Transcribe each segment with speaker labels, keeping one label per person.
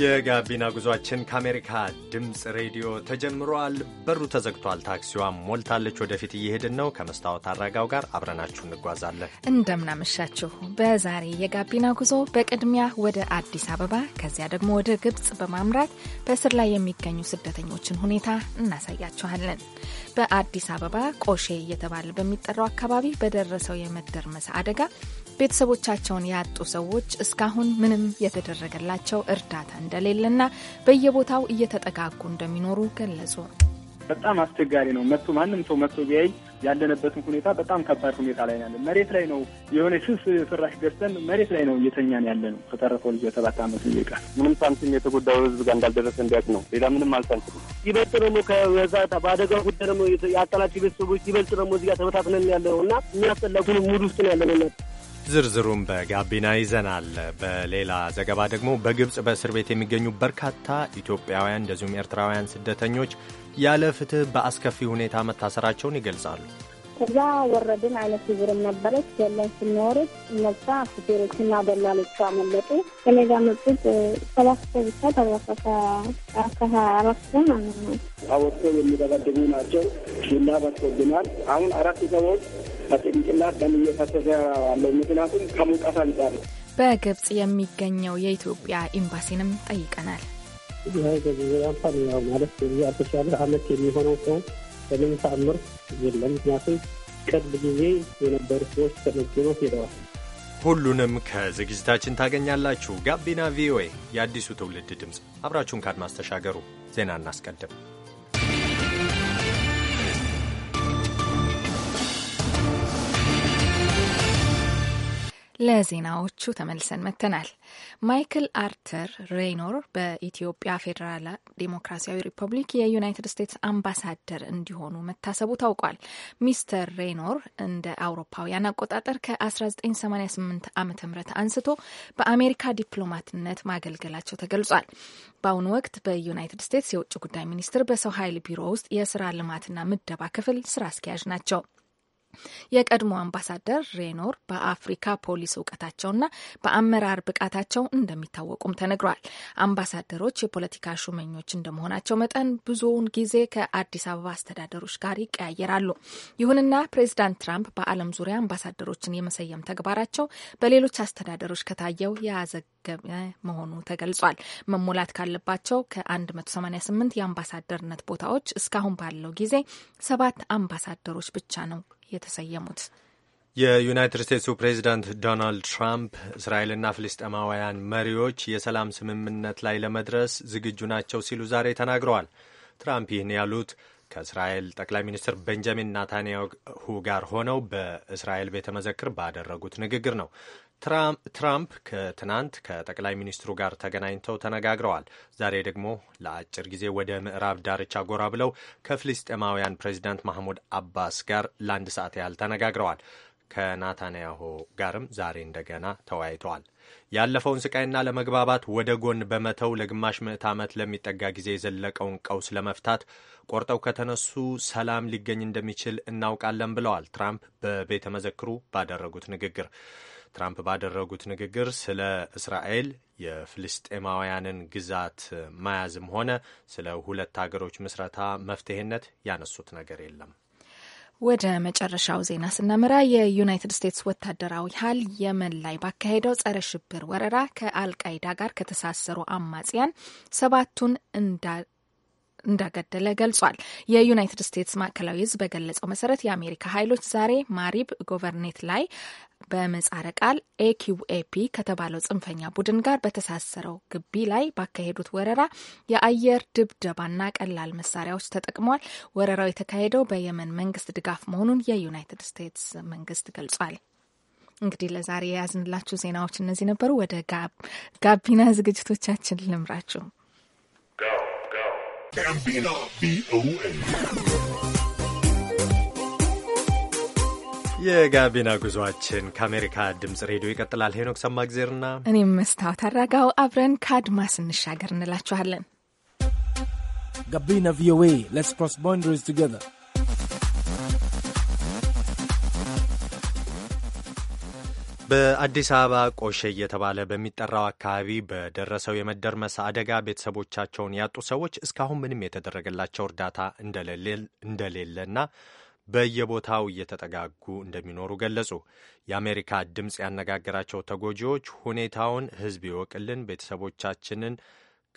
Speaker 1: የጋቢና ጉዟችን ከአሜሪካ ድምፅ ሬዲዮ ተጀምሯል። በሩ ተዘግቷል። ታክሲዋም ሞልታለች። ወደፊት እየሄድን ነው። ከመስታወት አረጋው ጋር አብረናችሁ እንጓዛለን።
Speaker 2: እንደምናመሻችሁ። በዛሬ የጋቢና ጉዞ በቅድሚያ ወደ አዲስ አበባ ከዚያ ደግሞ ወደ ግብፅ በማምራት በእስር ላይ የሚገኙ ስደተኞችን ሁኔታ እናሳያችኋለን። በአዲስ አበባ ቆሼ እየተባለ በሚጠራው አካባቢ በደረሰው የመደርመስ አደጋ ቤተሰቦቻቸውን ያጡ ሰዎች እስካሁን ምንም የተደረገላቸው እርዳታ እንደሌለና በየቦታው እየተጠጋጉ እንደሚኖሩ ገለጹ።
Speaker 3: በጣም አስቸጋሪ ነው። መቶ ማንም ሰው መቶ ቢያይ ያለንበትን ሁኔታ በጣም ከባድ ሁኔታ ላይ ያለ መሬት ላይ ነው የሆነ ስስ ፍራሽ ገዝተን መሬት ላይ ነው እየተኛን ያለ ነው። ከተረፈው ልጅ ሰባት አመት ይቃ ምንም ሳንቲም የተጎዳው ህዝብ ጋር እንዳልደረሰ
Speaker 1: እንዲያቅ ነው።
Speaker 4: ሌላ ምንም አልሳንችልም። ይበልጥ ደግሞ ከዛ በአደጋው ጉዳይ ደግሞ ያጣናቸው ቤተሰቦች ይበልጥ ደግሞ እዚጋ ተበታትነን ያለ ነው እና የሚያስጠላኩን ሙድ ውስጥ ነው ያለ ነው
Speaker 1: ዝርዝሩን በጋቢና ይዘናል። በሌላ ዘገባ ደግሞ በግብፅ በእስር ቤት የሚገኙ በርካታ ኢትዮጵያውያን እንደዚሁም ኤርትራውያን ስደተኞች ያለ ፍትህ በአስከፊ ሁኔታ መታሰራቸውን ይገልጻሉ።
Speaker 5: ከዛ ወረድን አይነት ሲዝርም ነበረች ገለን ስንወርድ እነዛ ሹፌሮችና ደላሎቹ አመለጡ። ከሌላ መጡት ሰባት ሰው ብቻ ተረፈተ።
Speaker 2: ከሀያ አራት ሰው ማለት ነው።
Speaker 6: አወጥቶ የሚደበድቡ ናቸው። ዱላ በትቶብናል። አሁን አራት ሰዎች ከጭንቅላት ደም እየፈሰሰ ያለው ምክንያቱም ከሙቀት አንጻር
Speaker 7: ነው።
Speaker 2: በግብጽ የሚገኘው የኢትዮጵያ ኤምባሲንም ጠይቀናል። ማለት
Speaker 7: አርተሻለ አመት የሚሆነው ሰው በምን ተአምር የለም። ምክንያቱም ቅርብ ጊዜ የነበሩ ሰዎች ተመግኖ ሄደዋል።
Speaker 1: ሁሉንም ከዝግጅታችን ታገኛላችሁ። ጋቢና ቪኦኤ፣ የአዲሱ ትውልድ ድምፅ። አብራችሁን ካድማስ ተሻገሩ። ዜና እናስቀድም።
Speaker 2: ለዜናዎቹ ተመልሰን መጥተናል። ማይክል አርተር ሬይኖር በኢትዮጵያ ፌዴራል ዴሞክራሲያዊ ሪፐብሊክ የዩናይትድ ስቴትስ አምባሳደር እንዲሆኑ መታሰቡ ታውቋል። ሚስተር ሬይኖር እንደ አውሮፓውያን አቆጣጠር ከ1988 ዓ ም አንስቶ በአሜሪካ ዲፕሎማትነት ማገልገላቸው ተገልጿል። በአሁኑ ወቅት በዩናይትድ ስቴትስ የውጭ ጉዳይ ሚኒስቴር በሰው ኃይል ቢሮ ውስጥ የስራ ልማትና ምደባ ክፍል ስራ አስኪያጅ ናቸው። የቀድሞ አምባሳደር ሬኖር በአፍሪካ ፖሊስ እውቀታቸውና በአመራር ብቃታቸው እንደሚታወቁም ተነግሯል። አምባሳደሮች የፖለቲካ ሹመኞች እንደመሆናቸው መጠን ብዙውን ጊዜ ከአዲስ አበባ አስተዳደሮች ጋር ይቀያየራሉ። ይሁንና ፕሬዚዳንት ትራምፕ በዓለም ዙሪያ አምባሳደሮችን የመሰየም ተግባራቸው በሌሎች አስተዳደሮች ከታየው የዘገመ መሆኑ ተገልጿል። መሞላት ካለባቸው ከ188 የአምባሳደርነት ቦታዎች እስካሁን ባለው ጊዜ ሰባት አምባሳደሮች ብቻ ነው የተሰየሙት።
Speaker 1: የዩናይትድ ስቴትሱ ፕሬዚዳንት ዶናልድ ትራምፕ እስራኤልና ፍልስጤማውያን መሪዎች የሰላም ስምምነት ላይ ለመድረስ ዝግጁ ናቸው ሲሉ ዛሬ ተናግረዋል። ትራምፕ ይህን ያሉት ከእስራኤል ጠቅላይ ሚኒስትር ቤንጃሚን ናታንያሁ ጋር ሆነው በእስራኤል ቤተ መዘክር ባደረጉት ንግግር ነው። ትራምፕ ከትናንት ከጠቅላይ ሚኒስትሩ ጋር ተገናኝተው ተነጋግረዋል። ዛሬ ደግሞ ለአጭር ጊዜ ወደ ምዕራብ ዳርቻ ጎራ ብለው ከፍልስጤማውያን ፕሬዚዳንት ማህሙድ አባስ ጋር ለአንድ ሰዓት ያህል ተነጋግረዋል። ከናታንያሁ ጋርም ዛሬ እንደገና ተወያይተዋል። ያለፈውን ስቃይና ለመግባባት ወደ ጎን በመተው ለግማሽ ምዕት ዓመት ለሚጠጋ ጊዜ የዘለቀውን ቀውስ ለመፍታት ቆርጠው ከተነሱ ሰላም ሊገኝ እንደሚችል እናውቃለን ብለዋል ትራምፕ በቤተ መዘክሩ ባደረጉት ንግግር። ትራምፕ ባደረጉት ንግግር ስለ እስራኤል የፍልስጤማውያንን ግዛት መያዝም ሆነ ስለ ሁለት ሀገሮች ምስረታ መፍትሄነት ያነሱት ነገር የለም።
Speaker 2: ወደ መጨረሻው ዜና ስናመራ የዩናይትድ ስቴትስ ወታደራዊ ኃይል የመን ላይ ባካሄደው ጸረ ሽብር ወረራ ከአልቃይዳ ጋር ከተሳሰሩ አማጽያን ሰባቱን እንዳ እንዳገደለ ገልጿል። የዩናይትድ ስቴትስ ማዕከላዊ እዝ በገለጸው መሰረት የአሜሪካ ኃይሎች ዛሬ ማሪብ ጎቨርኔት ላይ በምህጻረ ቃል ኤኪውኤፒ ከተባለው ጽንፈኛ ቡድን ጋር በተሳሰረው ግቢ ላይ ባካሄዱት ወረራ የአየር ድብደባና ቀላል መሳሪያዎች ተጠቅመዋል። ወረራው የተካሄደው በየመን መንግስት ድጋፍ መሆኑን የዩናይትድ ስቴትስ መንግስት ገልጿል። እንግዲህ ለዛሬ የያዝንላችሁ ዜናዎች እነዚህ ነበሩ። ወደ ጋቢና ዝግጅቶቻችን ልምራችሁ።
Speaker 1: የጋቢና ጉዟችን ከአሜሪካ ድምጽ ሬዲዮ ይቀጥላል። ሄኖክ ሰማግዜርና
Speaker 2: እኔም መስታወት አራጋው አብረን ከአድማስ እንሻገር እንላችኋለን።
Speaker 1: ጋቢና ቪኦኤ ሌትስ ክሮስ ቦንደሪስ ቱጌዘር በአዲስ አበባ ቆሼ እየተባለ በሚጠራው አካባቢ በደረሰው የመደርመስ አደጋ ቤተሰቦቻቸውን ያጡ ሰዎች እስካሁን ምንም የተደረገላቸው እርዳታ እንደሌለና በየቦታው እየተጠጋጉ እንደሚኖሩ ገለጹ። የአሜሪካ ድምፅ ያነጋገራቸው ተጎጂዎች ሁኔታውን ሕዝብ ይወቅልን፣ ቤተሰቦቻችንን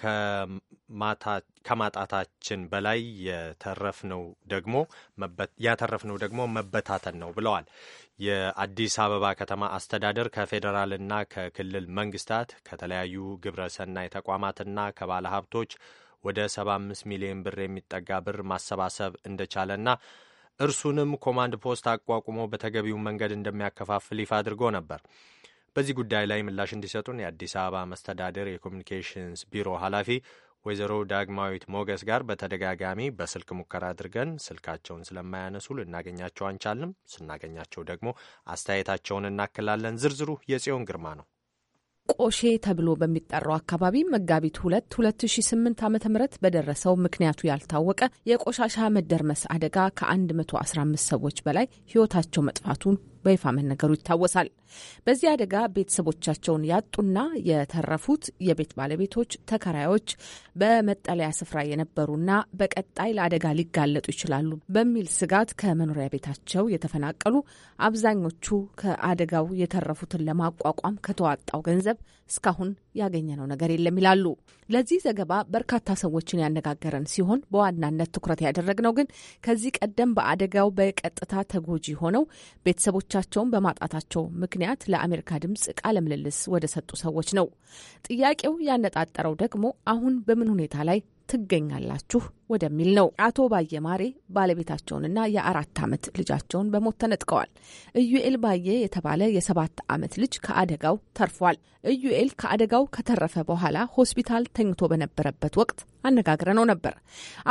Speaker 1: ከማጣታችን በላይ ያተረፍነው ደግሞ መበታተን ነው ብለዋል። የአዲስ አበባ ከተማ አስተዳደር ከፌዴራልና ከክልል መንግስታት ከተለያዩ ግብረሰናይ ተቋማትና ከባለ ሀብቶች ወደ 75 ሚሊዮን ብር የሚጠጋ ብር ማሰባሰብ እንደቻለና እርሱንም ኮማንድ ፖስት አቋቁሞ በተገቢው መንገድ እንደሚያከፋፍል ይፋ አድርጎ ነበር። በዚህ ጉዳይ ላይ ምላሽ እንዲሰጡን የአዲስ አበባ መስተዳደር የኮሚኒኬሽንስ ቢሮ ኃላፊ ወይዘሮ ዳግማዊት ሞገስ ጋር በተደጋጋሚ በስልክ ሙከራ አድርገን ስልካቸውን ስለማያነሱ ልናገኛቸው አንቻልም። ስናገኛቸው ደግሞ አስተያየታቸውን እናክላለን። ዝርዝሩ የጽዮን ግርማ ነው።
Speaker 8: ቆሼ ተብሎ በሚጠራው አካባቢ መጋቢት ሁለት ሁለት ሺ ስምንት በደረሰው ምክንያቱ ያልታወቀ የቆሻሻ መደርመስ አደጋ ከ115 ሰዎች በላይ ህይወታቸው መጥፋቱን በይፋ መነገሩ ይታወሳል። በዚህ አደጋ ቤተሰቦቻቸውን ያጡና የተረፉት የቤት ባለቤቶች፣ ተከራዮች፣ በመጠለያ ስፍራ የነበሩና በቀጣይ ለአደጋ ሊጋለጡ ይችላሉ በሚል ስጋት ከመኖሪያ ቤታቸው የተፈናቀሉ አብዛኞቹ ከአደጋው የተረፉትን ለማቋቋም ከተዋጣው ገንዘብ እስካሁን ያገኘነው ነገር የለም ይላሉ። ለዚህ ዘገባ በርካታ ሰዎችን ያነጋገረን ሲሆን በዋናነት ትኩረት ያደረግነው ግን ከዚህ ቀደም በአደጋው በቀጥታ ተጎጂ ሆነው ቤተሰቦች ጥያቄዎቻቸውን በማጣታቸው ምክንያት ለአሜሪካ ድምፅ ቃለ ምልልስ ወደ ሰጡ ሰዎች ነው። ጥያቄው ያነጣጠረው ደግሞ አሁን በምን ሁኔታ ላይ ትገኛላችሁ ወደሚል ነው። አቶ ባየ ማሬ ባለቤታቸውንና የአራት ዓመት ልጃቸውን በሞት ተነጥቀዋል። እዩኤል ባየ የተባለ የሰባት ዓመት ልጅ ከአደጋው ተርፏል። እዩኤል ከአደጋው ከተረፈ በኋላ ሆስፒታል ተኝቶ በነበረበት ወቅት አነጋግረነው ነበር።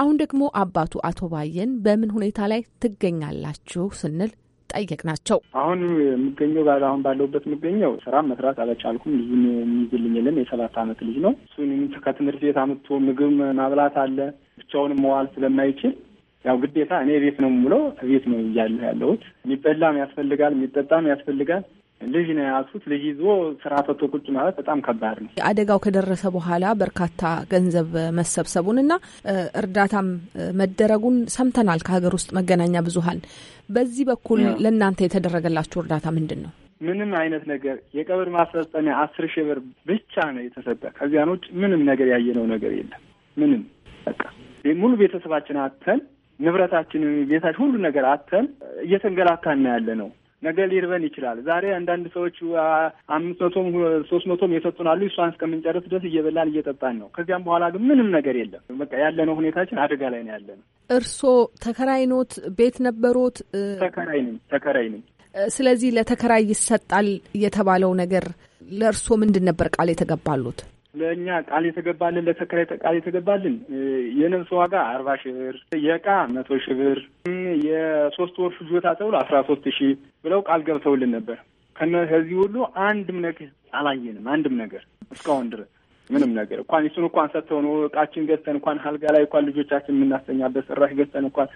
Speaker 8: አሁን ደግሞ አባቱ አቶ ባየን በምን ሁኔታ ላይ ትገኛላችሁ ስንል
Speaker 3: ናቸው አሁን የምገኘው አሁን ባለሁበት የምገኘው ስራ መስራት አልቻልኩም። ልጁን የሚይዝልኝልን የሰባት ዓመት ልጅ ነው። እሱን ከትምህርት ቤት አምጥቶ ምግብ ማብላት አለ። ብቻውንም መዋል ስለማይችል ያው ግዴታ እኔ ቤት ነው የምውለው። ቤት ነው እያለሁ ያለሁት። የሚበላም ያስፈልጋል፣ የሚጠጣም ያስፈልጋል። ልጅ ነው የያዙት። ልጅ ይዞ ስራ ፈቶ ቁጭ ማለት በጣም ከባድ ነው።
Speaker 8: አደጋው ከደረሰ በኋላ በርካታ ገንዘብ መሰብሰቡን እና እርዳታም መደረጉን ሰምተናል ከሀገር ውስጥ መገናኛ ብዙኃን። በዚህ በኩል ለእናንተ የተደረገላችሁ እርዳታ ምንድን ነው?
Speaker 3: ምንም አይነት ነገር የቀብር ማስፈጸሚያ አስር ሺህ ብር ብቻ ነው የተሰጠ። ከዚያን ውጭ ምንም ነገር ያየነው ነገር የለም። ምንም በቃ ሙሉ ቤተሰባችን አተን ንብረታችንን፣ ቤታችን ሁሉ ነገር አተን እየተንገላታን ያለ ነው። ነገ ሊርበን ይችላል። ዛሬ አንዳንድ ሰዎች አምስት መቶም ሶስት መቶም የሰጡን አሉ። እሷን እስከምንጨርስ ድረስ እየበላን እየጠጣን ነው። ከዚያም በኋላ ግን ምንም ነገር የለም። በቃ ያለነው ሁኔታችን አደጋ ላይ ነው ያለነው።
Speaker 8: እርስዎ ኖት? ቤት ነበሮት? ተከራይ
Speaker 3: ነኝ ተከራይ ነኝ።
Speaker 8: ስለዚህ ለተከራይ ይሰጣል የተባለው ነገር ለእርስዎ ምንድን ነበር ቃል የተገባሉት?
Speaker 3: ለእኛ ቃል የተገባልን ለተከራይ ቃል የተገባልን የነብስ ዋጋ አርባ ሺ ብር የእቃ መቶ ሺ ብር የሶስት ወር ፍጆታ ተብሎ አስራ ሶስት ሺ ብለው ቃል ገብተውልን ነበር። ከነዚህ ሁሉ አንድም ነገር አላየንም። አንድም ነገር እስካሁን ድረስ ምንም ነገር እንኳን እሱን እንኳን ሰጥተው ነው እቃችን ገዝተን እንኳን አልጋ ላይ እንኳን ልጆቻችን የምናስተኛበት ፍራሽ ገዝተን እንኳን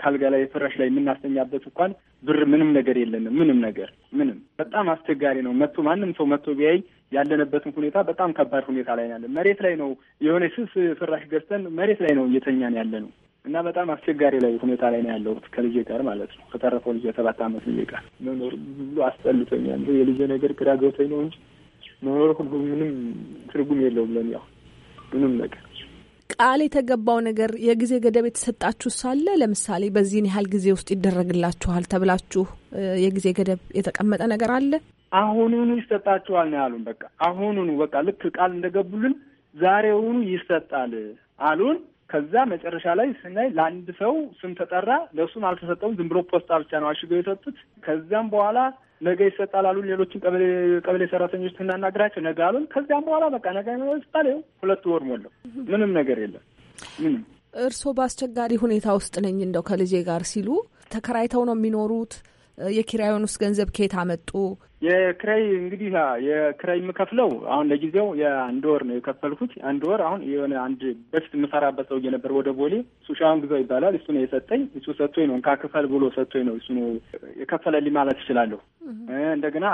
Speaker 3: ከአልጋ ላይ ፍራሽ ላይ የምናስተኛበት እንኳን ብር ምንም ነገር የለንም። ምንም ነገር ምንም በጣም አስቸጋሪ ነው። መቶ ማንም ሰው መቶ ቢያይ ያለንበትን ሁኔታ በጣም ከባድ ሁኔታ ላይ ያለን መሬት ላይ ነው የሆነ ስስ ፍራሽ ገዝተን መሬት ላይ ነው እየተኛን ያለ ነው እና በጣም አስቸጋሪ ላይ ሁኔታ ላይ ነው ያለሁት ከልጄ ጋር ማለት ነው። ከተረፈው ልጄ ሰባት አመት ልጄ ጋር መኖር ሁሉ አስጠልቶኛል። የልጄ ነገር ግራ ገብቶኝ ነው እንጂ መኖር ሁሉ ምንም ትርጉም የለውም ለኔ። ያው ምንም ነገር
Speaker 8: ቃል የተገባው ነገር የጊዜ ገደብ የተሰጣችሁ ሳለ ለምሳሌ በዚህን ያህል ጊዜ ውስጥ ይደረግላችኋል ተብላችሁ የጊዜ ገደብ የተቀመጠ ነገር አለ?
Speaker 3: አሁኑኑ ይሰጣችኋል ነው ያሉን። በቃ አሁኑኑ በቃ ልክ ቃል እንደገቡልን ዛሬውኑ ይሰጣል አሉን። ከዛ መጨረሻ ላይ ስናይ ለአንድ ሰው ስም ተጠራ፣ ለእሱም አልተሰጠውም። ዝም ብሎ ፖስታ ብቻ ነው አሽገው የሰጡት። ከዚያም በኋላ ነገ ይሰጣል አሉን። ሌሎችን ቀበሌ ሰራተኞች ስናናግራቸው ነገ አሉን። ከዚያም በኋላ በቃ ነገ ይሰጣል። ሁለት ወር ሞላው። ምንም ነገር የለም
Speaker 8: ምንም እርስዎ በአስቸጋሪ ሁኔታ ውስጥ ነኝ እንደው ከልጄ ጋር ሲሉ ተከራይተው ነው የሚኖሩት? የኪራዩን ውስጥ ገንዘብ ከየት አመጡ?
Speaker 3: የክራይ እንግዲህ የክራይ የምከፍለው አሁን ለጊዜው የአንድ ወር ነው የከፈልኩት። አንድ ወር አሁን የሆነ አንድ በፊት የምሰራበት ሰውዬ ነበር ወደ ቦሌ፣ እሱ ሻውን ግዛው ይባላል። እሱ ነው የሰጠኝ። እሱ ሰጥቶኝ ነው እንካ ክፈል ብሎ ሰጥቶኝ ነው እሱ ነው የከፈለልኝ ማለት እችላለሁ። እንደገና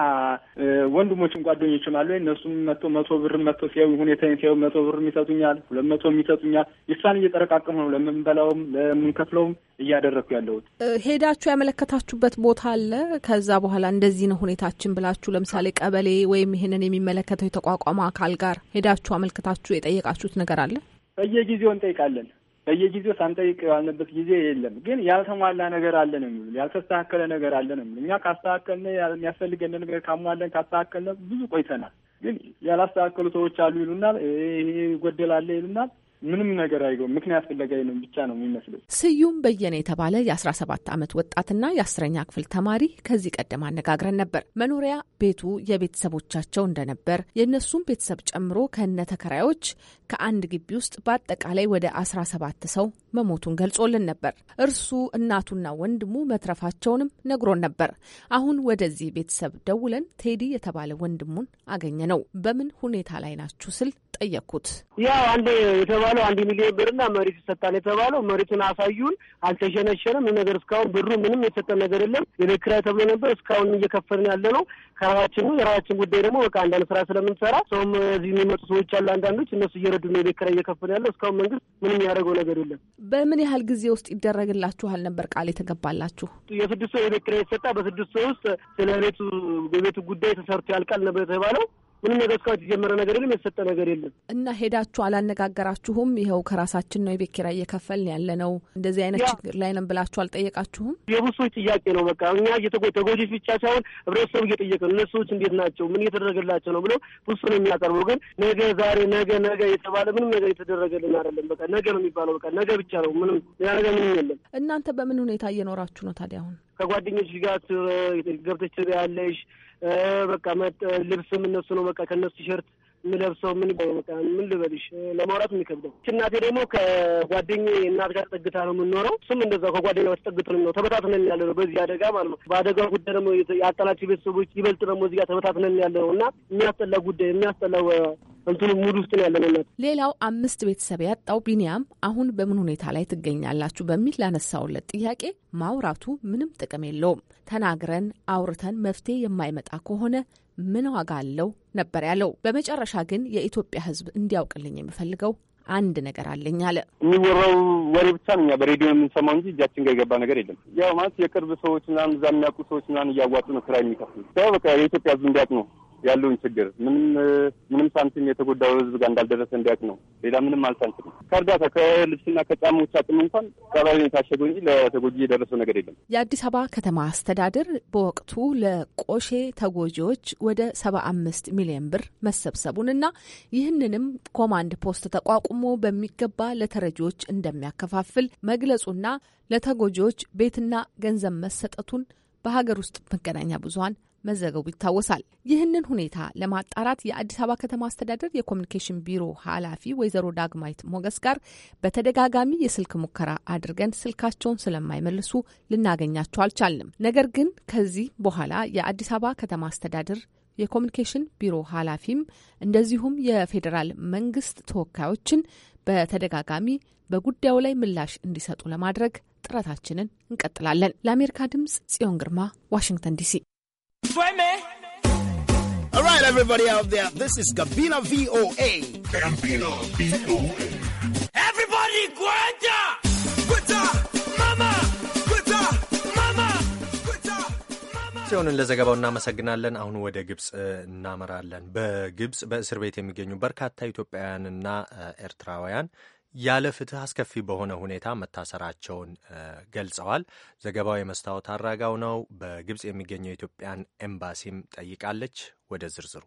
Speaker 3: ወንድሞችም ጓደኞችም አሉ። እነሱም መቶ መቶ ብር መቶ ሲያዩ ሁኔታ ሲያዩ መቶ ብር ይሰጡኛል፣ ሁለት መቶ ይሰጡኛል። ይሳን እየጠረቃቀሙ ነው ለምንበላውም ለምንከፍለውም እያደረግኩ ያለሁት።
Speaker 8: ሄዳችሁ ያመለከታችሁበት ቦታ አለ። ከዛ በኋላ እንደዚህ ነው ሁኔታችን አለብን ብላችሁ ለምሳሌ ቀበሌ ወይም ይህንን የሚመለከተው የተቋቋመ አካል ጋር ሄዳችሁ አመልክታችሁ የጠየቃችሁት ነገር አለ?
Speaker 3: በየጊዜው እንጠይቃለን። በየጊዜው ሳንጠይቅ ያልንበት ጊዜ የለም። ግን ያልተሟላ ነገር አለ ነው የሚሉ ያልተስተካከለ ነገር አለ ነው የሚሉ እኛ ካስተካከልን የሚያስፈልገን ነገር ካሟለን ካስተካከልን ብዙ ቆይተናል። ግን ያላስተካከሉ ሰዎች አሉ ይሉናል። ይሄ ይጎደላለ ይሉናል። ምንም ነገር አይገውም። ምክንያት ፍለጋ ነው ብቻ ነው የሚመስለው።
Speaker 8: ስዩም በየነ የተባለ የአስራ ሰባት ዓመት ወጣትና የአስረኛ ክፍል ተማሪ ከዚህ ቀደም አነጋግረን ነበር። መኖሪያ ቤቱ የቤተሰቦቻቸው እንደነበር የእነሱም ቤተሰብ ጨምሮ ከነ ተከራዮች ከአንድ ግቢ ውስጥ በአጠቃላይ ወደ አስራ ሰባት ሰው መሞቱን ገልጾልን ነበር። እርሱ እናቱና ወንድሙ መትረፋቸውንም ነግሮን ነበር። አሁን ወደዚህ ቤተሰብ ደውለን ቴዲ የተባለ ወንድሙን አገኘ ነው። በምን ሁኔታ ላይ ናችሁ ስል ጠየቅኩት። ያው
Speaker 4: አንድ የተባ የተባለው አንድ ሚሊዮን ብርና መሬት ይሰጣል የተባለው መሬቱን አሳዩን፣ አልተሸነሸንም ነገር እስካሁን ብሩ ምንም የተሰጠ ነገር የለም። የቤት ኪራይ ተብሎ ነበር እስካሁን እየከፈልን ያለ ነው ከራሳችን ነው። የራሳችን ጉዳይ ደግሞ በቃ አንዳንድ ስራ ስለምንሰራ ሰውም እዚህ የሚመጡ ሰዎች አሉ። አንዳንዶች እነሱ እየረዱ ነው የቤት ኪራይ ያለው። እስካሁን መንግስት ምንም ያደረገው ነገር የለም።
Speaker 8: በምን ያህል ጊዜ ውስጥ ይደረግላችኋል ነበር ቃል የተገባላችሁ?
Speaker 4: የስድስት ሰው የቤት ኪራይ የተሰጣ በስድስት ሰው ውስጥ ስለ ቤቱ የቤቱ ጉዳይ ተሰርቶ ያልቃል ነበር የተባለው ምንም ነገር እስካሁን የተጀመረ ነገር የለም፣ የተሰጠ ነገር የለም።
Speaker 8: እና ሄዳችሁ አላነጋገራችሁም? ይኸው ከራሳችን ነው የቤት ኪራይ እየከፈልን ያለ ነው እንደዚህ አይነት ችግር ላይ ነን ብላችሁ አልጠየቃችሁም?
Speaker 4: የብሶች ጥያቄ ነው። በቃ እኛ ተጎጂዎች ብቻ ሳይሆን ህብረተሰቡ እየጠየቀ ነው። እነሱ እንዴት ናቸው? ምን እየተደረገላቸው ነው ብለው ብሱ ነው የሚያቀርቡ። ግን ነገ ዛሬ ነገ ነገ የተባለ ምንም ነገር የተደረገልን አይደለም። በቃ ነገ ነው የሚባለው። በቃ ነገ ብቻ ነው። ምንም ነገ ምንም የለም።
Speaker 8: እናንተ በምን ሁኔታ እየኖራችሁ ነው ታዲያ? አሁን
Speaker 4: ከጓደኞች ጋር ገብተች ያለሽ በቃ ልብስም እነሱ ነው በቃ ከነሱ ቲሸርት ምለብሰው ምን ምን ልበልሽ ለማውራት የሚከብደው። እናቴ ደግሞ ከጓደኛዬ እናት ጋር ተጠግታ ነው የምንኖረው። እሱም እንደዛው ከጓደኛ ተጠግቶ ነው ተበታትነን ያለ ነው በዚህ አደጋ ማለት ነው። በአደጋ ጉዳይ ደግሞ ያጣናቸው ቤተሰቦች ይበልጥ ደግሞ እዚህ ጋር ተበታትነን ያለ ነው እና የሚያስጠላ ጉዳይ የሚያስጠላው እንትኑ ሙድ ውስጥ ነው ያለንነት።
Speaker 8: ሌላው አምስት ቤተሰብ ያጣው ቢኒያም አሁን በምን ሁኔታ ላይ ትገኛላችሁ በሚል ላነሳውለት ጥያቄ ማውራቱ ምንም ጥቅም የለውም። ተናግረን አውርተን መፍትሄ የማይመጣ ከሆነ ምን ዋጋ አለው ነበር ያለው። በመጨረሻ ግን የኢትዮጵያ ሕዝብ እንዲያውቅልኝ የምፈልገው አንድ ነገር አለኝ አለ።
Speaker 3: የሚወራው ወሬ ብቻ ነው እኛ በሬዲዮ የምንሰማው እንጂ እጃችን ጋር የገባ ነገር የለም። ያው ማለት
Speaker 7: የቅርብ ሰዎች
Speaker 3: ምናምን እዛ የሚያውቁ ሰዎች ምናምን እያዋጡ ነው ስራ የሚከፍሉ ያው በቃ የኢትዮጵያ ሕዝብ እንዲያውቅ ነው ያለውን ችግር ምንም ምንም ሳንቲም የተጎዳው ህዝብ ጋር እንዳልደረሰ እንዲያውቅ ነው። ሌላ ምንም አልሳንቲም ከእርዳታ ከልብስና ከጫማዎች አቅም እንኳን ቀባሪ የታሸገው እንጂ ለተጎጂ የደረሰው ነገር የለም።
Speaker 8: የአዲስ አበባ ከተማ አስተዳደር በወቅቱ ለቆሼ ተጎጂዎች ወደ ሰባ አምስት ሚሊዮን ብር መሰብሰቡንና ይህንንም ኮማንድ ፖስት ተቋቁሞ በሚገባ ለተረጂዎች እንደሚያከፋፍል መግለጹና ለተጎጂዎች ቤትና ገንዘብ መሰጠቱን በሀገር ውስጥ መገናኛ ብዙሀን መዘገቡ ይታወሳል። ይህንን ሁኔታ ለማጣራት የአዲስ አበባ ከተማ አስተዳደር የኮሚኒኬሽን ቢሮ ኃላፊ ወይዘሮ ዳግማዊት ሞገስ ጋር በተደጋጋሚ የስልክ ሙከራ አድርገን ስልካቸውን ስለማይመልሱ ልናገኛቸው አልቻልንም። ነገር ግን ከዚህ በኋላ የአዲስ አበባ ከተማ አስተዳደር የኮሚኒኬሽን ቢሮ ኃላፊም እንደዚሁም የፌዴራል መንግስት ተወካዮችን በተደጋጋሚ በጉዳዩ ላይ ምላሽ እንዲሰጡ ለማድረግ ጥረታችንን እንቀጥላለን። ለአሜሪካ ድምጽ ጽዮን ግርማ ዋሽንግተን ዲሲ።
Speaker 6: All right, everybody out there, this is Gabina VOA. Gabina VOA. Everybody,
Speaker 3: Guanta! Guanta! Mama! Guanta!
Speaker 1: Mama! Guanta! Mama! ጽዮንን ለዘገባው እናመሰግናለን። አሁን ወደ ግብፅ እናመራለን። በግብፅ በእስር ቤት የሚገኙ በርካታ ኢትዮጵያውያንና ኤርትራውያን ያለ ፍትህ አስከፊ በሆነ ሁኔታ መታሰራቸውን ገልጸዋል። ዘገባው የመስታወት አራጋው ነው። በግብጽ የሚገኘው የኢትዮጵያን ኤምባሲም ጠይቃለች። ወደ ዝርዝሩ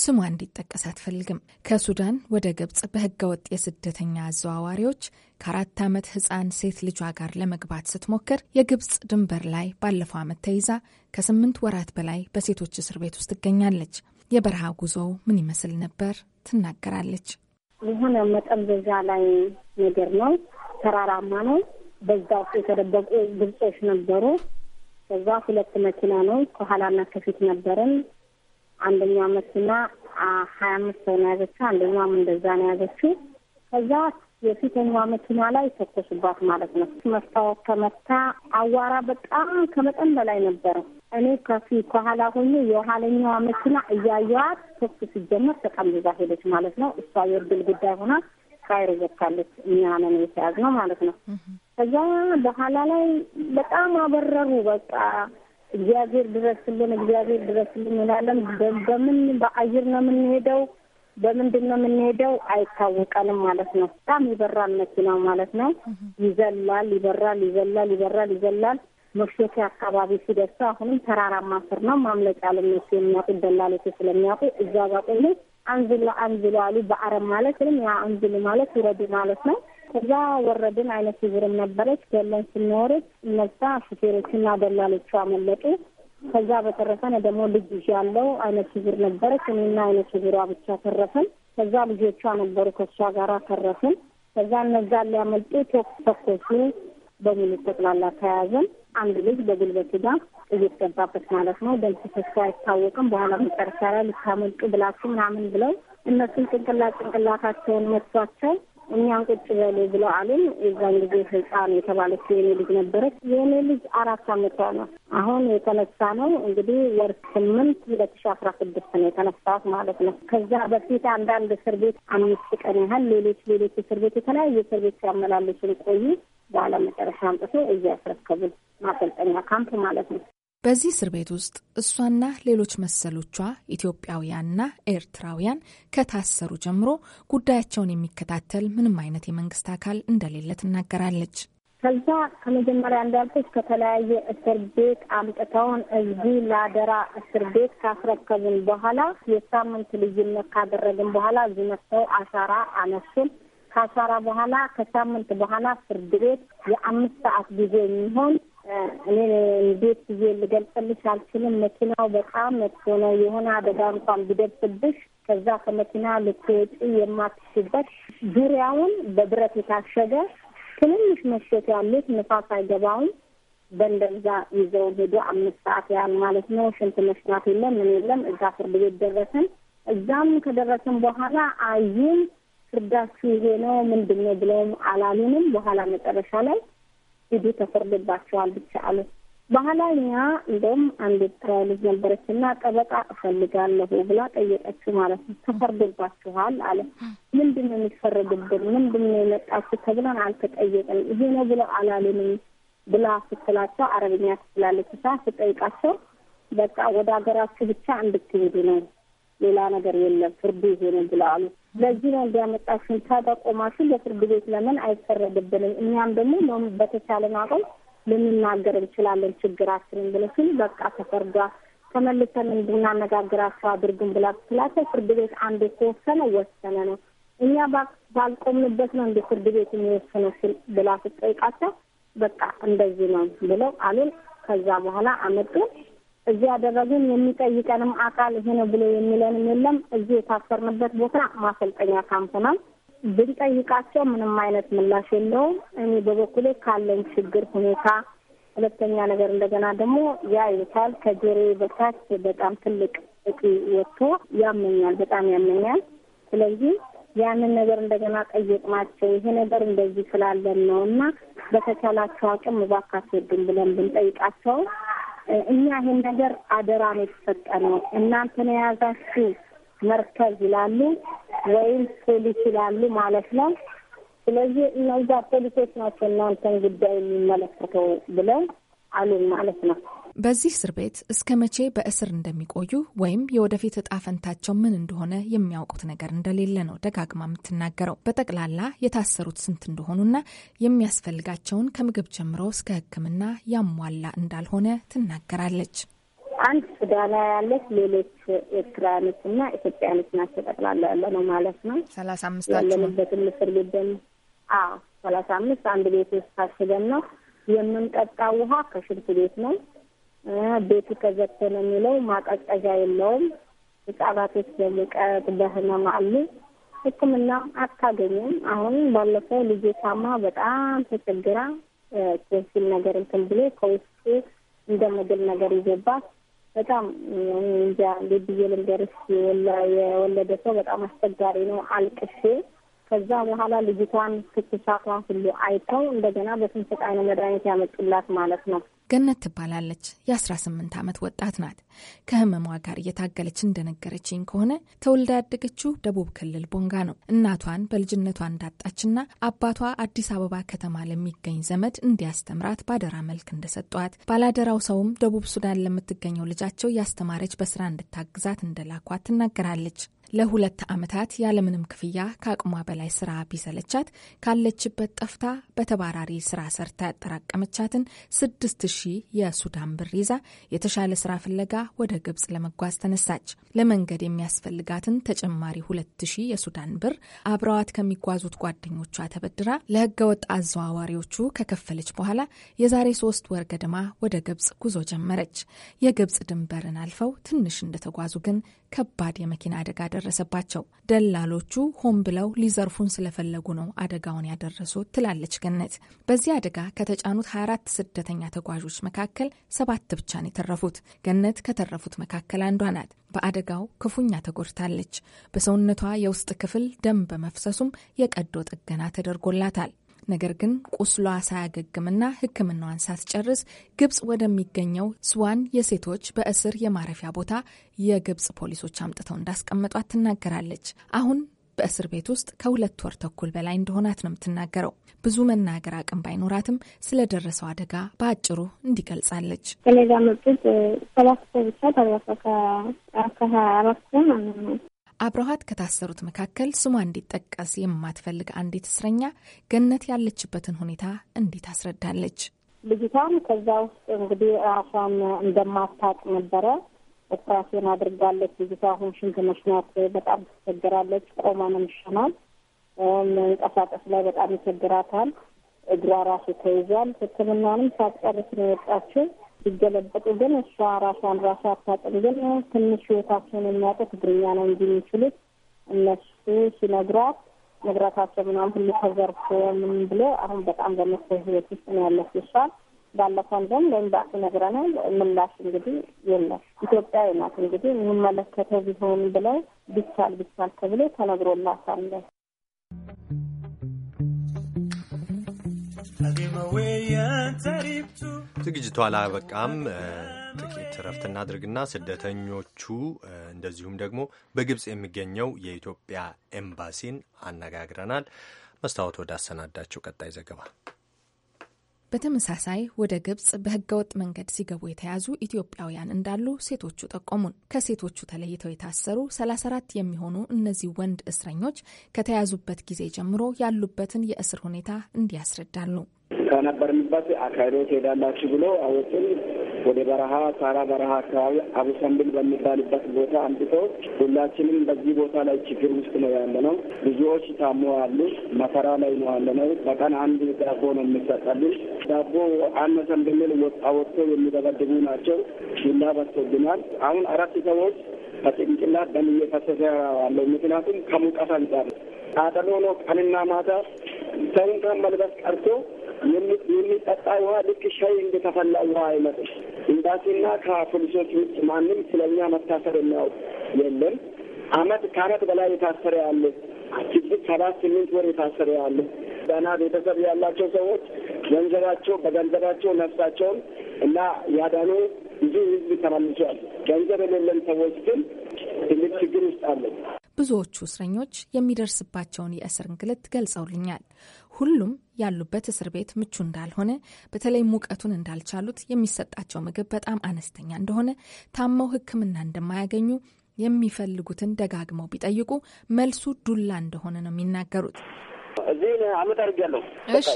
Speaker 2: ስሟ እንዲጠቀስ አትፈልግም። ከሱዳን ወደ ግብፅ በህገወጥ የስደተኛ አዘዋዋሪዎች ከአራት ዓመት ህፃን ሴት ልጇ ጋር ለመግባት ስትሞክር የግብጽ ድንበር ላይ ባለፈው ዓመት ተይዛ ከስምንት ወራት በላይ በሴቶች እስር ቤት ውስጥ ትገኛለች። የበረሃ ጉዞው ምን ይመስል ነበር ትናገራለች።
Speaker 5: የሆነ መጠን በዛ ላይ ነገር ነው። ተራራማ ነው። በዛ ውስጥ የተደበቁ ግብጾች ነበሩ። ከዛ ሁለት መኪና ነው ከኋላና ከፊት ነበርን። አንደኛ መኪና ሀያ አምስት ሰው ነው ያዘችው፣ አንደኛም እንደዛ ነው ያዘችው። ከዛ የፊተኛዋ መኪና ላይ ተኮሱባት ማለት ነው። መስታወት ከመታ አዋራ በጣም ከመጠን በላይ ነበረ። እኔ ከፊ ከኋላ ሆኜ የኋለኛዋ መኪና እያየዋት ሶስት ሲጀመር ተቀምዛ ሄደች ማለት ነው። እሷ የእድል ጉዳይ ሆና ፋይር ዘግታለች። እኛ ነን ነው ማለት ነው። ከዛ በኋላ ላይ በጣም አበረሩ። በቃ እግዚአብሔር ድረስልን፣ እግዚአብሔር ድረስልን እንላለን። በምን በአየር ነው የምንሄደው? በምንድን ነው የምንሄደው? አይታወቀንም ማለት ነው። በጣም ይበራል መኪናው ማለት ነው። ይዘላል፣ ይበራል፣ ይዘላል፣ ይበራል፣ ይዘላል መክሸቴ አካባቢ ሲደርሱ አሁንም ተራራማ ስር ነው ማምለጫ ለነሱ የሚያውቁ ደላሎች ስለሚያውቁ እዛ ጋር ቆሞ አንዝሎ አንዝሉ አሉ። በአረብ ማለት ወይም ያ አንዝሉ ማለት ውረዱ ማለት ነው። ከዛ ወረድን። አይነት ዝርም ነበረች ገለን ስንወርድ እነዛ ሹፌሮች ሹፌሮችና ደላሎቹ አመለጡ። ከዛ በተረፈ ነ ደግሞ ልጅ ያለው አይነት ዝር ነበረች። እኔና አይነት ዝሯ ብቻ ተረፍን። ከዛ ልጆቿ ነበሩ ከሷ ጋራ ተረፍን። ከዛ እነዛ ሊያመልጡ ቶክ ተኮሱ። በሙሉ ጠቅላላ ተያያዘን። አንድ ልጅ በጉልበት ጋ እየተገባበት ማለት ነው። በዚህ ተስፋ አይታወቅም። በኋላ መጨረሻ ላይ ልታመልጡ ብላችሁ ምናምን ብለው እነሱን ጭንቅላት ጭንቅላታቸውን መቷቸው እኛን ቁጭ በሉ ብለው አሉን። የዛን ጊዜ ህፃን የተባለች የኔ ልጅ ነበረች። የኔ ልጅ አራት አመቷ ነው። አሁን የተነሳ ነው እንግዲህ ወር ስምንት ሁለት ሺ አስራ ስድስት ነው የተነሳት ማለት ነው። ከዛ በፊት አንዳንድ እስር ቤት አምስት ቀን ያህል ሌሎች ሌሎች እስር ቤት የተለያዩ እስር ቤት ሲያመላልሱን ቆዩ። በኋላ መጨረሻ አምጥቶ እዚህ ያስረከቡን ማሰልጠኛ ካምፕ
Speaker 2: ማለት ነው። በዚህ እስር ቤት ውስጥ እሷና ሌሎች መሰሎቿ ኢትዮጵያውያንና ኤርትራውያን ከታሰሩ ጀምሮ ጉዳያቸውን የሚከታተል ምንም አይነት የመንግስት አካል እንደሌለ ትናገራለች።
Speaker 5: ከዛ ከመጀመሪያ እንዳልኩች ከተለያየ እስር ቤት አምጥተውን እዚህ ላደራ እስር ቤት ካስረከቡን በኋላ የሳምንት ልዩነት ካደረግን በኋላ እዚህ መጥተው አሻራ አነሱን። ከአስራ በኋላ ከሳምንት በኋላ ፍርድ ቤት የአምስት ሰዓት ጊዜ የሚሆን እኔ እንዴት ጊዜ ልገልጽልሽ አልችልም። መኪናው በጣም መጥፎ ነው። የሆነ አደጋ እንኳን ቢደርስብሽ ከዛ ከመኪና ልትወጪ የማትሽበት ዙሪያውን በብረት የታሸገ ትንንሽ መሸት ያሉት ንፋስ አይገባውም። በእንደዛ ይዘው ሄዱ። አምስት ሰዓት ያህል ማለት ነው። ሽንት መሽናት የለም ምን የለም። እዛ ፍርድ ቤት ደረስን። እዛም ከደረስን በኋላ አዩን ፍርዳችሁ ይሄ ነው ምንድን ነው ብለውም አላሉንም። በኋላ መጨረሻ ላይ ሂዱ ተፈርዶባቸዋል ብቻ አሉ። በኋላ እኛ እንደውም አንድ ኤርትራዊ ልጅ ነበረች እና ጠበቃ እፈልጋለሁ ብላ ጠየቀችው ማለት ነው። ተፈርድባችኋል አለ። ምንድን ነው የሚፈረድብን? ምንድን ነው የመጣችሁ ተብለን አልተጠየቅን። ይሄ ነው ብለው አላሉንም ብላ ስትላቸው አረብኛ ትችላለች ሳ ስጠይቃቸው በቃ ወደ ሀገራችሁ ብቻ እንድትሄዱ ነው፣ ሌላ ነገር የለም፣ ፍርዱ ይሄ ነው ብለው አሉ። ለዚህ ነው እንዲያመጣችን ታጠቆማችን ለፍርድ ቤት ለምን አይፈረድብንም? እኛም ደግሞ በተቻለን አቅም ልንናገር እንችላለን ችግራችንን ብለሽን በቃ ተፈርዷ ተመልሰን እንድናነጋግራቸው አድርግን ብላ ስላቸው ፍርድ ቤት አንድ የተወሰነ ወሰነ ነው። እኛ ባልቆምንበት ነው እንደ ፍርድ ቤት የሚወሰነው ብላ ስጠይቃቸው በቃ እንደዚህ ነው ብለው አሉን። ከዛ በኋላ አመጡን። እዚህ ያደረግን የሚጠይቀንም አካል ይሄ ነው ብሎ የሚለንም የለም። እዚህ የታሰርንበት ቦታ ማሰልጠኛ ካምፕ ነው። ብንጠይቃቸው ምንም አይነት ምላሽ የለውም። እኔ በበኩሌ ካለኝ ችግር ሁኔታ፣ ሁለተኛ ነገር እንደገና ደግሞ ያ ይታል ከጆሬ በታች በጣም ትልቅ እጢ ወጥቶ ያመኛል፣ በጣም ያመኛል። ስለዚህ ያንን ነገር እንደገና ጠየቅናቸው። ይሄ ነገር እንደዚህ ስላለን ነው እና በተቻላቸው አቅም እባካችሁ ብለን ብንጠይቃቸው እኛ ይህን ነገር አደራ ነው የተሰጠ ነው እናንተን የያዛችሁ መርከብ ይላሉ ወይም ፖሊስ ይላሉ ማለት ነው። ስለዚህ እነዛ ፖሊሶች ናቸው እናንተን ጉዳይ የሚመለከተው ብለው አሉን ማለት
Speaker 2: ነው። በዚህ እስር ቤት እስከ መቼ በእስር እንደሚቆዩ ወይም የወደፊት እጣ ፈንታቸው ምን እንደሆነ የሚያውቁት ነገር እንደሌለ ነው ደጋግማ የምትናገረው። በጠቅላላ የታሰሩት ስንት እንደሆኑና የሚያስፈልጋቸውን ከምግብ ጀምሮ እስከ ሕክምና ያሟላ እንዳልሆነ ትናገራለች።
Speaker 5: አንድ ሱዳና ያለች ሌሎች ኤርትራያኖች እና ኢትዮጵያኖች ናቸው። ጠቅላላ ያለ ነው ማለት ነው። ሰላሳ አምስት ያለንበትን ምስር ግድን ሰላሳ አምስት አንድ ቤት ውስጥ ታስበን ነው የምንጠጣ ውሃ ከሽንት ቤት ነው ቤቱ ተዘግቶ ነው የሚለው። ማቀዝቀዣ የለውም። ህጻናቶች በሙቀት በህመም አሉ። ህክምና አታገኝም። አሁን ባለፈው ልጄ ታማ በጣም ተቸግራ ሲል ነገር እንትን ብሎ ከውስጡ እንደ ምግብ ነገር ይገባት በጣም እንጃ እንዴት ብዬ የወለደ ሰው በጣም አስቸጋሪ ነው። አልቅሼ ከዛ በኋላ ልጅቷን ክትሳቷን ሁሉ አይተው እንደገና በስንት ቀን ነው መድኃኒት ያመጡላት ማለት ነው።
Speaker 2: ገነት ትባላለች። የ18 ዓመት ወጣት ናት። ከህመሟ ጋር እየታገለች እንደነገረችኝ ከሆነ ተወልዳ ያደገችው ደቡብ ክልል ቦንጋ ነው። እናቷን በልጅነቷ እንዳጣችና አባቷ አዲስ አበባ ከተማ ለሚገኝ ዘመድ እንዲያስተምራት ባደራ መልክ እንደሰጧት፣ ባላደራው ሰውም ደቡብ ሱዳን ለምትገኘው ልጃቸው ያስተማረች በስራ እንድታግዛት እንደላኳት ትናገራለች። ለሁለት ዓመታት ያለምንም ክፍያ ከአቅሟ በላይ ስራ ቢሰለቻት ካለችበት ጠፍታ በተባራሪ ስራ ሰርታ ያጠራቀመቻትን ስድስት ሺህ የሱዳን ብር ይዛ የተሻለ ስራ ፍለጋ ወደ ግብጽ ለመጓዝ ተነሳች። ለመንገድ የሚያስፈልጋትን ተጨማሪ ሁለት ሺህ የሱዳን ብር አብረዋት ከሚጓዙት ጓደኞቿ ተበድራ ለህገወጥ አዘዋዋሪዎቹ ከከፈለች በኋላ የዛሬ ሶስት ወር ገደማ ወደ ግብጽ ጉዞ ጀመረች። የግብጽ ድንበርን አልፈው ትንሽ እንደተጓዙ ግን ከባድ የመኪና አደጋ ደረሰባቸው። ደላሎቹ ሆን ብለው ሊዘርፉን ስለፈለጉ ነው አደጋውን ያደረሱት ትላለች ገነት። በዚህ አደጋ ከተጫኑት 24 ስደተኛ ተጓዦች መካከል ሰባት ብቻ ነው የተረፉት። ገነት ከተረፉት መካከል አንዷ ናት። በአደጋው ክፉኛ ተጎድታለች። በሰውነቷ የውስጥ ክፍል ደም በመፍሰሱም የቀዶ ጥገና ተደርጎላታል። ነገር ግን ቁስሏ ሳያገግምና ሕክምናዋን ሳትጨርስ ግብጽ ወደሚገኘው ስዋን የሴቶች በእስር የማረፊያ ቦታ የግብጽ ፖሊሶች አምጥተው እንዳስቀመጧት ትናገራለች። አሁን በእስር ቤት ውስጥ ከሁለት ወር ተኩል በላይ እንደሆናት ነው የምትናገረው። ብዙ መናገር አቅም ባይኖራትም ስለደረሰው አደጋ በአጭሩ እንዲገልጻለች።
Speaker 5: ከሌላ መጡት ሰላሳ ብቻ ተረፈ ከሀያ አራት
Speaker 2: አብረሃት ከታሰሩት መካከል ስሟ እንዲጠቀስ የማትፈልግ አንዲት እስረኛ ገነት ያለችበትን ሁኔታ እንዴት አስረዳለች።
Speaker 5: ልጅቷም ከዛ ውስጥ እንግዲህ ራሷን እንደማታውቅ ነበረ። ኦፕራሲዮን አድርጋለች። ልጅቷ አሁን ሽንት መሽናት በጣም ትቸገራለች። ቆማ ነው የምትሸናው። መንቀሳቀስ ላይ በጣም ይቸግራታል። እግሯ ራሱ ተይዟል። ሕክምናንም ሳትጨርስ ነው የወጣችው። ሲገለበጡ ግን እሷ ራሷን ራሷ አታውቅም። ግን ትንሽ ህይወታቸውን የሚያውቁት ትግርኛ ነው እንጂ የሚችሉት እነሱ ሲነግሯት ንብረታቸው ምናምን ሁሉ ተዘርፎ ምን ብሎ አሁን በጣም በመሰ ህይወት ውስጥ ነው ያለች ይሻል ባለፈው ደም ወይም በአቶ ነግረናል። ምላሽ እንግዲህ የለም። ኢትዮጵያዊ ናት እንግዲህ የሚመለከተው ቢሆን ብለው ቢቻል ቢቻል ተብሎ ተነግሮላታል።
Speaker 1: ዝግጅቱ አላበቃም። ጥቂት ረፍት እናድርግና ስደተኞቹ እንደዚሁም ደግሞ በግብፅ የሚገኘው የኢትዮጵያ ኤምባሲን አነጋግረናል። መስታወት ወደ አሰናዳቸው ቀጣይ ዘገባ
Speaker 2: በተመሳሳይ ወደ ግብጽ በህገወጥ መንገድ ሲገቡ የተያዙ ኢትዮጵያውያን እንዳሉ ሴቶቹ ጠቆሙን። ከሴቶቹ ተለይተው የታሰሩ 34 የሚሆኑ እነዚህ ወንድ እስረኞች ከተያዙበት ጊዜ ጀምሮ ያሉበትን የእስር ሁኔታ እንዲያስረዳሉ።
Speaker 6: ከነበርንበት አካሄዶ ትሄዳላችሁ ብሎ አወጡን። ወደ በረሃ ሳራ በረሃ አካባቢ አቡሰንብል በሚባልበት ቦታ አምጥቶ ሁላችንም በዚህ ቦታ ላይ ችግር ውስጥ ነው ያለ ነው። ብዙዎች ታሞ አሉ። መከራ ላይ ነው ያለ ነው። በቀን አንድ ዳቦ ነው የሚሰጠልን። ዳቦ አነሰን ብንል አወጥተው የሚደበድቡ ናቸው። ዱላ በስቶብናል። አሁን አራት ሰዎች ከጭንቅላት ደም እየፈሰሰ ያለው ምክንያቱም ከሙቀት አንጻር ቃጠሎ ነው። ቀንና ማታ ሰውን መልበስ ቀርቶ የሚጠጣ ውሃ ልክ ሻይ እንደተፈላ ውሃ አይመጥም። ኢምባሲና ከፖሊሶች ውጭ ማንም ስለኛ መታሰር የሚያውቅ የለም። አመት ከአመት በላይ የታሰረ ያለ ስድስት ሰባት ስምንት ወር የታሰረ ያለ ገና ቤተሰብ ያላቸው ሰዎች ገንዘባቸው በገንዘባቸው ነፍሳቸውን እና ያዳኑ ብዙ ህዝብ ተመልሷል። ገንዘብ የሌለን ሰዎች ግን ትልቅ ችግር ውስጥ አለን።
Speaker 2: ብዙዎቹ እስረኞች የሚደርስባቸውን የእስር እንግልት ገልጸውልኛል። ሁሉም ያሉበት እስር ቤት ምቹ እንዳልሆነ፣ በተለይ ሙቀቱን እንዳልቻሉት፣ የሚሰጣቸው ምግብ በጣም አነስተኛ እንደሆነ፣ ታመው ሕክምና እንደማያገኙ የሚፈልጉትን ደጋግመው ቢጠይቁ መልሱ ዱላ እንደሆነ ነው የሚናገሩት።
Speaker 4: እዚህ አመት አድርጌያለሁ።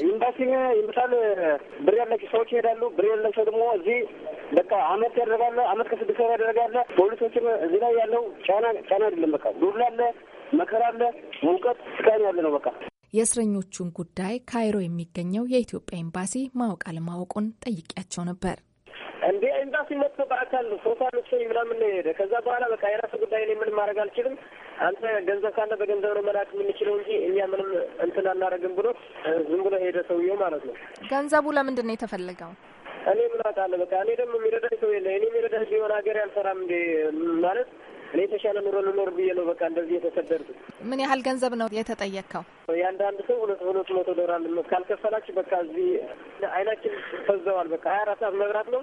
Speaker 4: ኤምባሲ ይመጣል። ብር ያላቸው ሰዎች ይሄዳሉ። ብር ያላቸው ደግሞ እዚህ
Speaker 6: በቃ አመት ያደረጋለ አመት ከስድስት ወር ያደረጋለ። ፖሊሶችም እዚህ ላይ ያለው ጫና ጫና አይደለም። በቃ ዱላ አለ፣ መከራ አለ፣ ሙቀት ስቃይ ያለ ነው። በቃ
Speaker 2: የእስረኞቹን ጉዳይ ካይሮ የሚገኘው የኢትዮጵያ ኤምባሲ ማወቅ አለማወቁን ጠይቄያቸው ነበር።
Speaker 4: እንዴ ኤምባሲ መጥቶ በአካል ፎቶ አነሳኝ ምናምን ነው ከዛ በኋላ በቃ የራሱ ጉዳይ ላይ ምን ማድረግ አልችልም፣ አንተ ገንዘብ ካለ በገንዘብ ነው መላክ የምንችለው እንጂ እኛ ምንም እንትን አናደርግም ብሎ ዝም ብሎ ሄደ ሰውየው ማለት ነው።
Speaker 2: ገንዘቡ ለምንድን ነው የተፈለገው? እኔ
Speaker 4: ምን አውቃለሁ። በቃ እኔ ደግሞ የሚረዳኝ ሰው የለ። እኔ የሚረዳኝ ቢሆን ሀገር ያልሰራም እንዴ ማለት እኔ የተሻለ ኑሮ ልኖር ብዬ ነው በቃ እንደዚህ
Speaker 2: የተሰደድኩት። ምን ያህል ገንዘብ ነው የተጠየቅከው?
Speaker 4: የአንዳንድ ሰው ሁለት ሁለት መቶ ዶላር ካልከፈላችሁ በቃ እዚህ አይናችን ፈዘዋል። በቃ ሀያ አራት ሰዓት መብራት ነው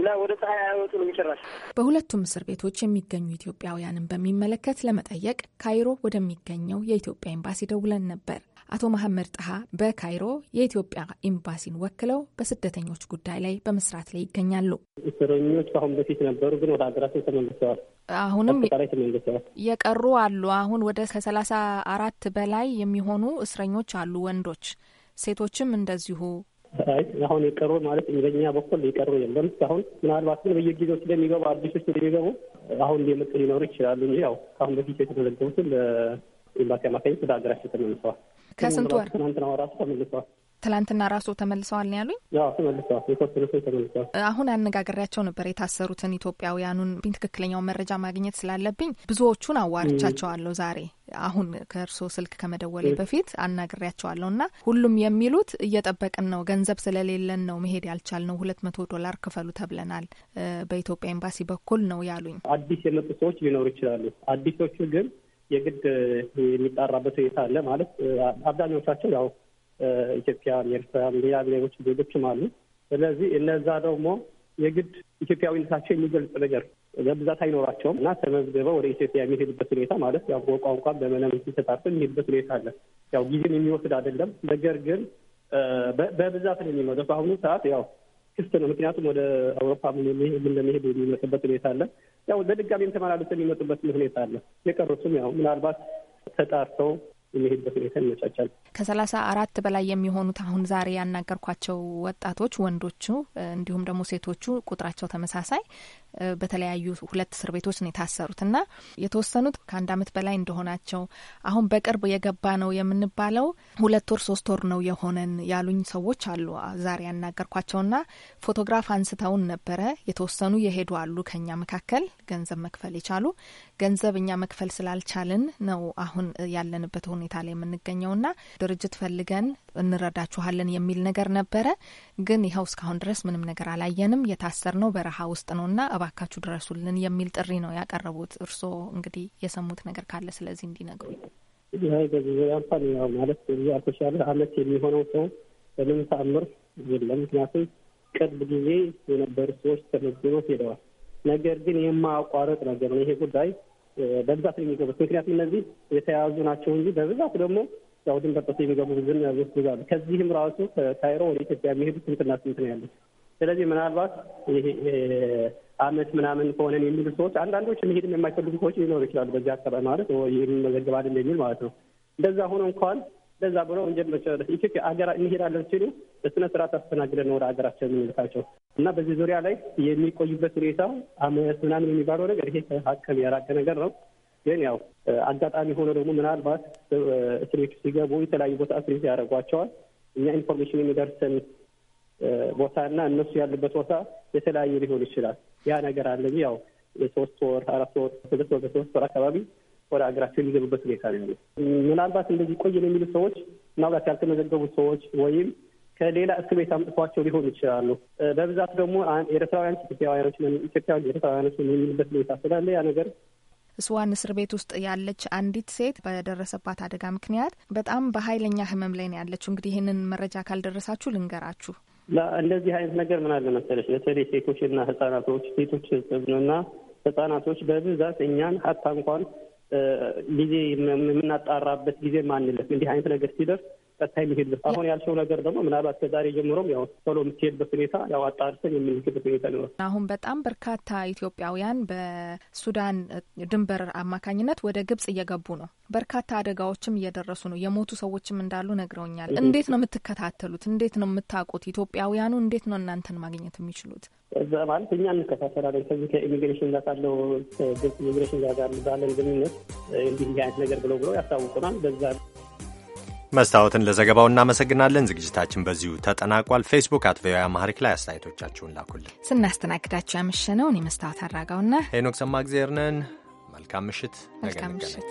Speaker 4: እና ወደ ፀሐይ ነው ጭራሽ።
Speaker 2: በሁለቱም እስር ቤቶች የሚገኙ ኢትዮጵያውያንን በሚመለከት ለመጠየቅ ካይሮ ወደሚገኘው የኢትዮጵያ ኤምባሲ ደውለን ነበር። አቶ መሐመድ ጣሃ በካይሮ የኢትዮጵያ ኤምባሲን ወክለው በስደተኞች ጉዳይ ላይ በመስራት ላይ ይገኛሉ።
Speaker 7: እስረኞች ከአሁን በፊት ነበሩ፣ ግን ወደ ሀገራቸው ተመልሰዋል። አሁንም
Speaker 2: የቀሩ አሉ። አሁን ወደ ከሰላሳ አራት በላይ የሚሆኑ እስረኞች አሉ ወንዶች፣ ሴቶችም እንደዚሁ።
Speaker 7: አሁን የቀሩ ማለት በኛ በኩል የቀሩ የለም እስካሁን። ምናልባት ግን በየጊዜው ስለሚገቡ አዲሶች ስለሚገቡ አሁን የመጡ ሊኖሩ ይችላሉ እንጂ ያው ከአሁን በፊት የተመዘገቡትን በኤምባሲ አማካኝ ወደ ሀገራቸው ተመልሰዋል። ከስንት ወር ትናንትና ራሱ
Speaker 2: ተመልሰዋል። ትላንትና ራሱ ተመልሰዋል ነው ያሉኝ።
Speaker 7: ተመልሰዋል፣
Speaker 2: አሁን አነጋግሬያቸው ነበር የታሰሩትን ኢትዮጵያውያኑን። ትክክለኛውን መረጃ ማግኘት ስላለብኝ ብዙዎቹን አዋርቻቸዋለሁ ዛሬ አሁን ከእርስዎ ስልክ ከመደወሌ በፊት አናግሬያቸዋለሁ እና ሁሉም የሚሉት እየጠበቅን ነው፣ ገንዘብ ስለሌለን ነው መሄድ ያልቻልነው፣ ሁለት መቶ ዶላር ክፈሉ ተብለናል በኢትዮጵያ ኤምባሲ በኩል ነው ያሉኝ።
Speaker 7: አዲስ የመጡ ሰዎች ሊኖሩ ይችላሉ። አዲሶቹ ግን የግድ የሚጣራበት ሁኔታ አለ ማለት አብዛኞቻቸው ያው ኢትዮጵያ፣ ኤርትራ፣ ሌላ ብሔሮችም ዜጎችም አሉ። ስለዚህ እነዛ ደግሞ የግድ ኢትዮጵያዊነታቸው የሚገልጽ ነገር በብዛት አይኖራቸውም እና ተመዝግበው ወደ ኢትዮጵያ የሚሄዱበት ሁኔታ ማለት ያው በቋንቋ በምንም ተጣርተው የሚሄዱበት ሁኔታ አለ። ያው ጊዜም የሚወስድ አይደለም። ነገር ግን በብዛት ነው የሚመጡት። በአሁኑ ሰዓት ያው ክስት ነው። ምክንያቱም ወደ አውሮፓ እንደሚሄዱ የሚመጡበት ሁኔታ አለ። ያው ለድጋሚም ተመላለሱ የሚመጡበት ሁኔታ አለ። የቀሩትም ያው ምናልባት ተጣርተው የሚሄድበት ሁኔታ ይመቻቻል።
Speaker 2: ከሰላሳ አራት በላይ የሚሆኑት አሁን ዛሬ ያናገርኳቸው ወጣቶች ወንዶቹ፣ እንዲሁም ደግሞ ሴቶቹ ቁጥራቸው ተመሳሳይ በተለያዩ ሁለት እስር ቤቶች ነው የታሰሩት እና የተወሰኑት ከአንድ አመት በላይ እንደሆናቸው አሁን በቅርብ የገባ ነው የምንባለው ሁለት ወር ሶስት ወር ነው የሆነን ያሉኝ ሰዎች አሉ። ዛሬ ያናገርኳቸውና ፎቶግራፍ አንስተውን ነበረ። የተወሰኑ የሄዱ አሉ ከኛ መካከል ገንዘብ መክፈል የቻሉ ገንዘብ እኛ መክፈል ስላልቻልን ነው አሁን ያለንበት ሁኔታ ላይ ና ድርጅት ፈልገን እንረዳችኋለን የሚል ነገር ነበረ። ግን ይኸው እስካሁን ድረስ ምንም ነገር አላየንም። የታሰር ነው በረሃ ውስጥ ነውና እባካችሁ ድረሱልን የሚል ጥሪ ነው ያቀረቡት። እርስዎ እንግዲህ የሰሙት ነገር ካለ ስለዚህ እንዲነግሩ
Speaker 7: እንኳን ያው ማለት አመት የሚሆነው ሰው በምን ተአምር የለም። ምክንያቱም ቅርብ ጊዜ የነበሩ ሰዎች ተመዝግበው ሄደዋል። ነገር ግን የማያቋረጥ ነገር ነው ይሄ ጉዳይ በብዛት የሚገቡት። ምክንያቱም እነዚህ የተያዙ ናቸው እንጂ በብዛት ደግሞ ያው ድንበር ጥሰው የሚገቡ ብዙ ያዙት ብዙ ከዚህም ራሱ ከካይሮ ወደ ኢትዮጵያ የሚሄዱ ስንትና ስንት ነው ያሉት። ስለዚህ ምናልባት ይሄ አመት ምናምን ከሆነን የሚሉ ሰዎች አንዳንዶች መሄድም የማይፈልጉ ሰዎች ሊኖሩ ይችላሉ። በዚህ አካባቢ ማለት መዘግብ አይደል የሚል ማለት ነው። እንደዛ ሆኖ እንኳን እንደዛ ብሎ ወንጀል መጨረስ ኢትዮጵያ ሀገራ እንሄዳለን ሲሉ በስነ ስርዓት አስተናግደን ወደ ሀገራቸው የምንልካቸው እና በዚህ ዙሪያ ላይ የሚቆዩበት ሁኔታ አመት ምናምን የሚባለው ነገር ይሄ ከሀቅም የራቀ ነገር ነው። ግን ያው አጋጣሚ ሆኖ ደግሞ ምናልባት እስር ቤት ሲገቡ የተለያዩ ቦታ እስር ቤት ያደርጓቸዋል። እኛ ኢንፎርሜሽን የሚደርሰን እና እነሱ ያሉበት ቦታ የተለያየ ሊሆን ይችላል። ያ ነገር አለ ያው የሶስት ወር አራት ወር ስድስት ወር በሶስት ወር አካባቢ ወደ ሀገራቸው የሚገቡበት ሁኔታ ነው ያለው። ምናልባት እንደዚህ ቆይ ነው የሚሉ ሰዎች ምናልባት ያልተመዘገቡ ሰዎች ወይም ከሌላ እስር ቤት አምጥቷቸው ሊሆኑ ይችላሉ። በብዛት ደግሞ ኤርትራውያን ኢትዮጵያውያኖች ኢትዮጵያውያን ኤርትራውያኖች የሚሉበት ሁኔታ ስላለ ያ ነገር
Speaker 2: እስዋን እስር ቤት ውስጥ ያለች አንዲት ሴት በደረሰባት አደጋ ምክንያት በጣም በኃይለኛ ህመም ላይ ነው ያለችው። እንግዲህ ይህንን መረጃ ካልደረሳችሁ ልንገራችሁ።
Speaker 7: እንደዚህ አይነት ነገር ምን አለ መሰለች፣ በተለይ ሴቶችና ህጻናቶች ሴቶች ህጽብና ህጻናቶች በብዛት እኛን ሀታ እንኳን ጊዜ የምናጣራበት ጊዜ ማንለፍ እንዲህ አይነት ነገር ሲደርስ ቀጥታ የሚሄድበት አሁን ያልሽው ነገር ደግሞ ምናልባት ከዛሬ ጀምሮም ያው ቶሎ የምትሄድበት ሁኔታ ያው አጣርተን የምንሄድበት ሁኔታ ሊኖር
Speaker 2: አሁን በጣም በርካታ ኢትዮጵያውያን በሱዳን ድንበር አማካኝነት ወደ ግብጽ እየገቡ ነው። በርካታ አደጋዎችም እየደረሱ ነው። የሞቱ ሰዎችም እንዳሉ ነግረውኛል። እንዴት ነው የምትከታተሉት? እንዴት ነው የምታውቁት? ኢትዮጵያውያኑ እንዴት ነው እናንተን ማግኘት የሚችሉት?
Speaker 7: እዛ ማለት እኛ እንከታተላለን። ከዚህ ከኢሚግሬሽን ጋር ካለው ግብጽ ኢሚግሬሽን ጋር ባለን ግንኙነት
Speaker 2: እንዲህ እንዲህ አይነት ነገር ብለው ብለው ያስታውቁናል በዛ
Speaker 1: መስታወትን ለዘገባው እናመሰግናለን። ዝግጅታችን በዚሁ ተጠናቋል። ፌስቡክ አት ቪኦኤ አማሪክ ላይ አስተያየቶቻችሁን ላኩልን።
Speaker 2: ስናስተናግዳችሁ ያመሸነውን የመስታወት አድራጋውና
Speaker 1: ሄኖክ ሰማእግዜር ነን። መልካም ምሽት።
Speaker 2: መልካም ምሽት።